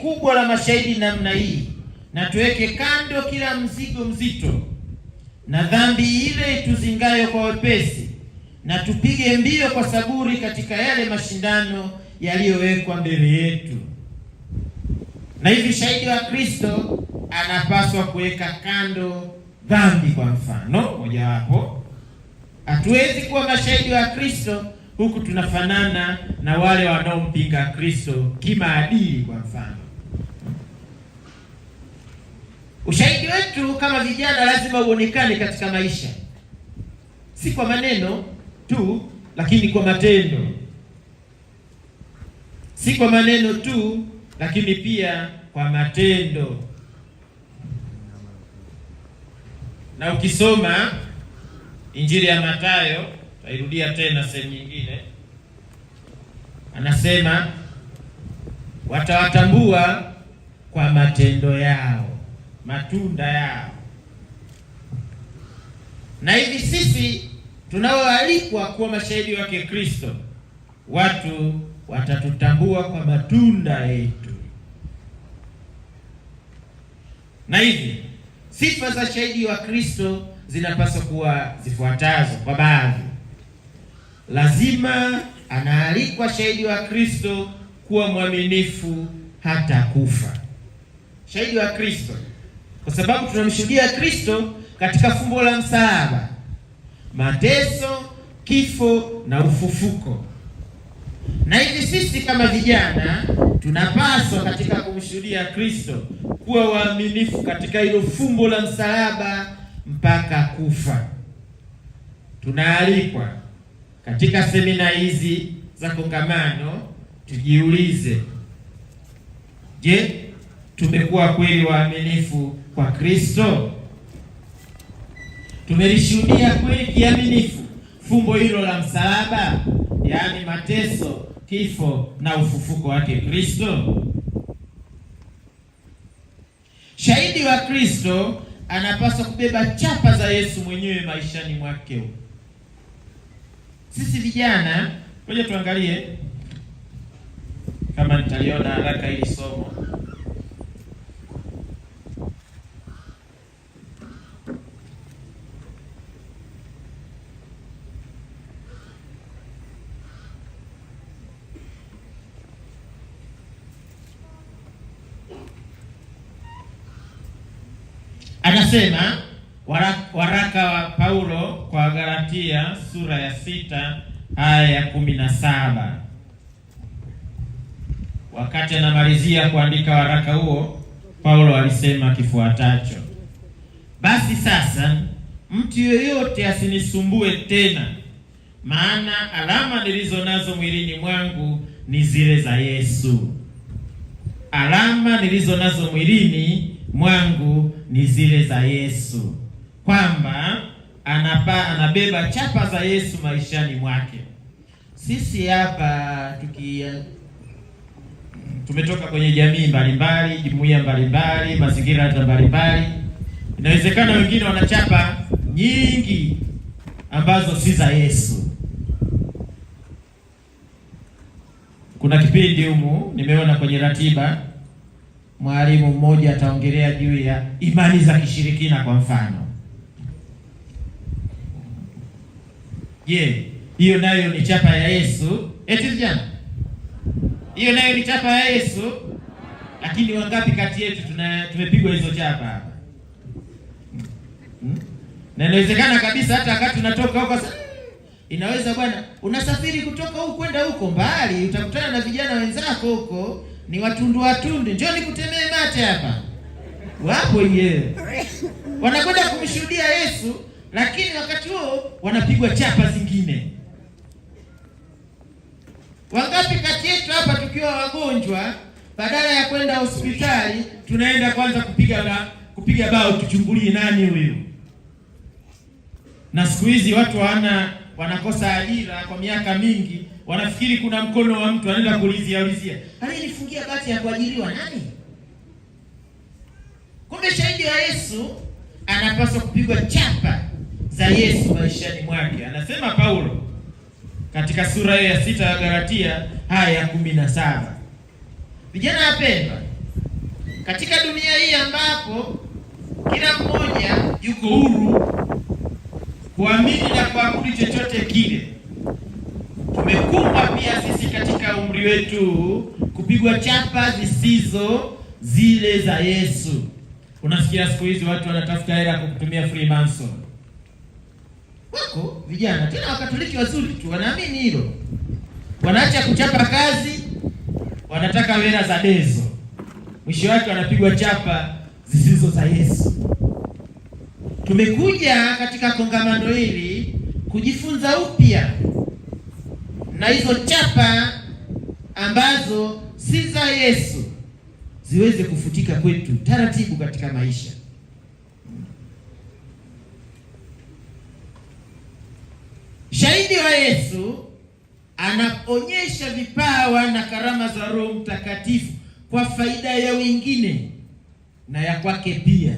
kubwa la mashahidi namna hii, na tuweke kando kila mzigo mzito na dhambi ile ituzingayo kwa wepesi, na tupige mbio kwa saburi katika yale mashindano yaliyowekwa mbele yetu. Na hivi shahidi wa Kristo anapaswa kuweka kando dhambi. Kwa mfano mojawapo, hatuwezi kuwa mashahidi wa Kristo huku tunafanana na wale wanaompinga Kristo kimaadili. Kwa mfano, ushahidi wetu kama vijana lazima uonekane katika maisha, si kwa maneno tu, lakini kwa matendo, si kwa maneno tu, lakini pia kwa matendo. Na ukisoma Injili ya Mathayo tairudia tena sehemu nyingine, anasema watawatambua kwa matendo yao, matunda yao. Na hivi sisi tunaoalikwa kuwa mashahidi wa Kikristo, watu watatutambua kwa matunda yetu. Na hivi sifa za shahidi wa Kristo zinapaswa kuwa zifuatazo kwa baadhi lazima anaalikwa shahidi wa Kristo kuwa mwaminifu hata kufa. Shahidi wa Kristo, kwa sababu tunamshuhudia Kristo katika fumbo la msalaba, mateso, kifo na ufufuko. Na hivi sisi kama vijana tunapaswa katika kumshuhudia Kristo kuwa waaminifu katika hilo fumbo la msalaba mpaka kufa. Tunaalikwa katika semina hizi za kongamano tujiulize, je, tumekuwa kweli waaminifu kwa Kristo? Tumelishuhudia kweli kiaminifu fumbo hilo la msalaba, yaani mateso, kifo na ufufuko wake Kristo? Shahidi wa Kristo anapaswa kubeba chapa za Yesu mwenyewe maishani mwake. Sisi vijana, ngoja tuangalie kama nitaliona haraka hili somo. Anasema waraka, waraka wa Paulo kwa Galatia sura ya sita aya ya kumi na saba. Wakati anamalizia kuandika waraka huo, Paulo alisema kifuatacho: basi sasa mtu yeyote asinisumbue tena, maana alama nilizo nazo mwilini mwangu ni zile za Yesu. Alama nilizo nazo mwilini mwangu ni zile za Yesu, kwamba anapa anabeba chapa za Yesu maishani mwake. Sisi hapa tuki tumetoka kwenye jamii mbalimbali, jumuiya mbalimbali, mazingira hata mbalimbali. Inawezekana wengine wana chapa nyingi ambazo si za Yesu. Kuna kipindi humu nimeona kwenye ratiba mwalimu mmoja ataongelea juu ya imani za kishirikina kwa mfano Je, hiyo nayo ni chapa ya Yesu? Eti eh, vijana, hiyo nayo ni chapa ya Yesu. Lakini wangapi kati yetu tuna- tumepigwa hizo chapa hapa hmm? hmm? na inawezekana kabisa hata wakati tunatoka huko inaweza bwana, unasafiri kutoka huko kwenda huko mbali, utakutana na vijana wenzako huko, ni watundu watundu, njoo nikutemee mate hapa, wapo yeye. wanakwenda kumshuhudia Yesu lakini wakati huo wanapigwa chapa zingine. Wangapi kati yetu hapa tukiwa wagonjwa, badala ya kwenda hospitali tunaenda kwanza kupiga la, kupiga bao tuchungulie nani huyu. Na siku hizi watu wana wanakosa ajira kwa miaka mingi, wanafikiri kuna mkono wa mtu, anaenda kulizia ulizia, alinifungia bati ya kuajiriwa nani? Kumbe shahidi wa Yesu anapaswa kupigwa chapa za Yesu maishani mwake. Anasema Paulo katika sura hiyo ya sita ya Galatia haya ya kumi na saba, vijana wapendwa, katika dunia hii ambapo kila mmoja yuko huru kuamini na kuabudu chochote kile, tumekumbwa pia sisi katika umri wetu kupigwa chapa zisizo zile za Yesu. Unasikia siku hizi watu wanatafuta hela kukutumia kutumia Freemason wako vijana tena Wakatoliki wazuri tu, wanaamini hilo, wanaacha kuchapa kazi, wanataka wera za dezo, mwisho wake wanapigwa chapa zisizo za Yesu. Tumekuja katika kongamano hili kujifunza upya na hizo chapa ambazo si za Yesu ziweze kufutika kwetu taratibu katika maisha. Shahidi wa Yesu anaonyesha vipawa na karama za Roho Mtakatifu kwa faida ya wengine na ya kwake pia.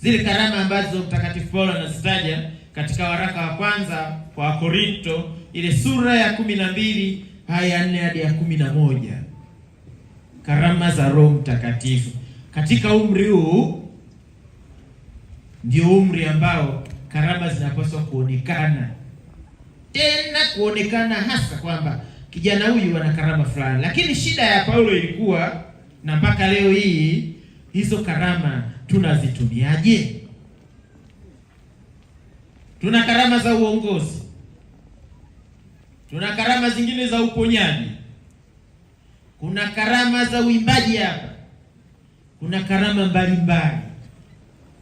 Zile karama ambazo Mtakatifu Paulo anazitaja katika waraka wa kwanza kwa Korinto ile sura ya kumi na mbili haya nne hadi ya kumi na moja karama za Roho Mtakatifu katika umri huu ndio umri ambao karama zinapaswa kuonekana tena kuonekana hasa kwamba kijana huyu ana karama fulani. Lakini shida ya Paulo ilikuwa na mpaka leo hii, hizo karama tunazitumiaje? Tuna karama za uongozi, tuna karama zingine za uponyaji, kuna karama za uimbaji hapa, kuna karama mbalimbali,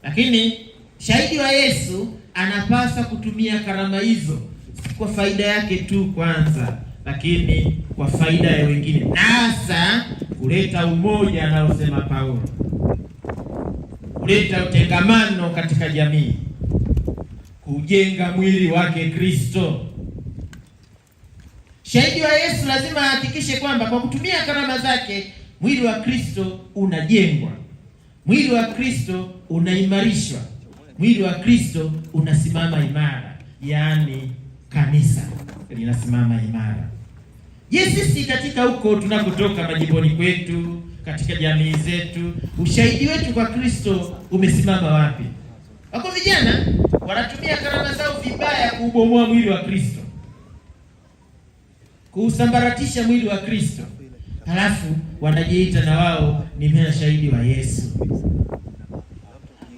lakini shahidi wa Yesu anapaswa kutumia karama hizo kwa faida yake tu kwanza, lakini kwa faida ya wengine, nasa kuleta umoja anaosema Paulo, kuleta utengamano katika jamii, kujenga mwili wake Kristo. Shahidi wa Yesu lazima ahakikishe kwamba kwa kutumia karama zake mwili wa Kristo unajengwa, mwili wa Kristo unaimarishwa, mwili wa Kristo unasimama imara, yaani kanisa linasimama imara. Je, sisi katika huko tunakotoka majimboni kwetu, katika jamii zetu, ushahidi wetu kwa Kristo umesimama wapi? Wako vijana wanatumia karama zao vibaya kuubomoa mwili wa Kristo, kuusambaratisha mwili wa Kristo, halafu wanajiita na wao ni mashahidi wa Yesu.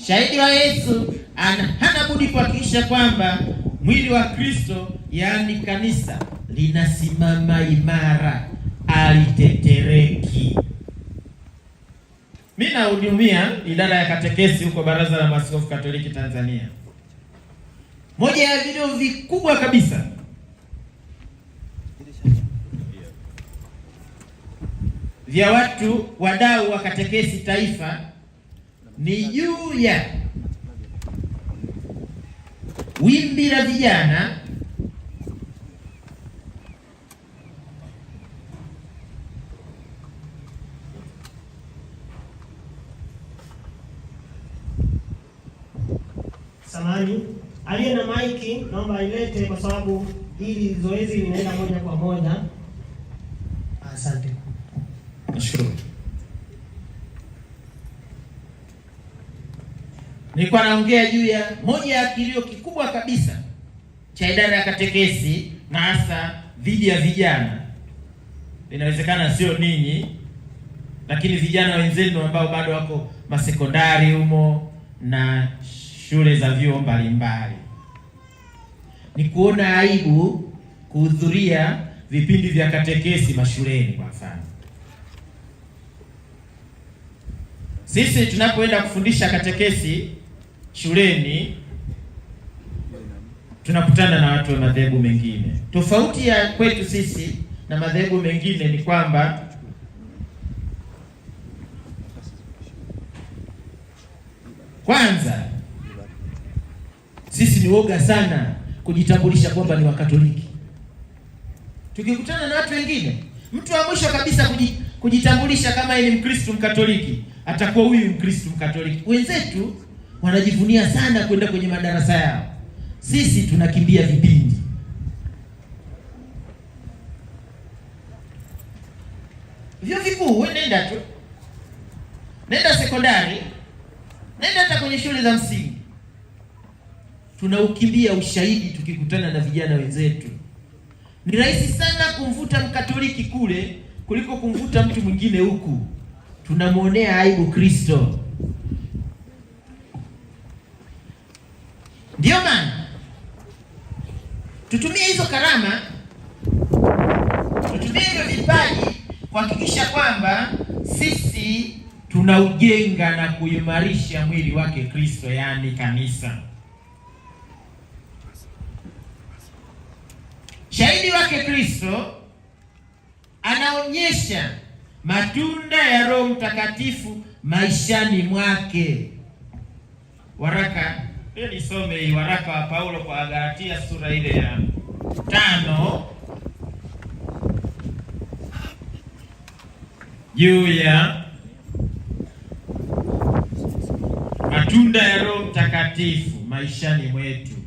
Shahidi wa Yesu ana hana budi kuhakikisha kwamba Mwili wa Kristo, yaani kanisa, linasimama imara, alitetereki. Mimi nahudumia idara ya katekesi huko Baraza la Maaskofu Katoliki Tanzania. Moja ya vilio vikubwa kabisa vya watu wadau wa katekesi taifa ni juu ya wimbi la vijana samani, aliye na maiki naomba ailete, kwa sababu hili zoezi linaenda moja kwa moja. Asante, nashukuru. Nilikuwa naongea juu ya moja ya kilio kikubwa kabisa cha idara ya katekesi na hasa dhidi ya vijana. Inawezekana sio ninyi, lakini vijana wenzenu ambao bado wako masekondari humo na shule za vyuo mbalimbali, ni kuona aibu kuhudhuria vipindi vya katekesi mashuleni. Kwa mfano, sisi tunapoenda kufundisha katekesi shuleni tunakutana na watu wa madhehebu mengine. Tofauti ya kwetu sisi na madhehebu mengine ni kwamba kwanza sisi ni woga sana kujitambulisha kwamba ni Wakatoliki. Tukikutana na watu wengine, mtu wa mwisho kabisa kujitambulisha kama yeye ni Mkristo Mkatoliki atakuwa huyu Mkristo Mkatoliki. Wenzetu wanajivunia sana kwenda kwenye madarasa yao. Sisi tunakimbia vipindi. Vyuo vikuu nenda tu, nenda sekondari, nenda hata kwenye shule za msingi, tunaukimbia ushahidi. Tukikutana na vijana wenzetu, ni rahisi sana kumvuta Mkatoliki kule kuliko kumvuta mtu mwingine huku, tunamwonea aibu Kristo. ndio maana tutumie hizo karama, tutumie hivyo vipaji kuhakikisha kwamba sisi tunaujenga na kuimarisha mwili wake Kristo, yaani kanisa. Shahidi wake Kristo anaonyesha matunda ya Roho Mtakatifu maishani mwake, waraka pia nisome waraka wa Paulo kwa Agalatia sura ile ya tano juu ya matunda ya Roho Mtakatifu maishani mwetu.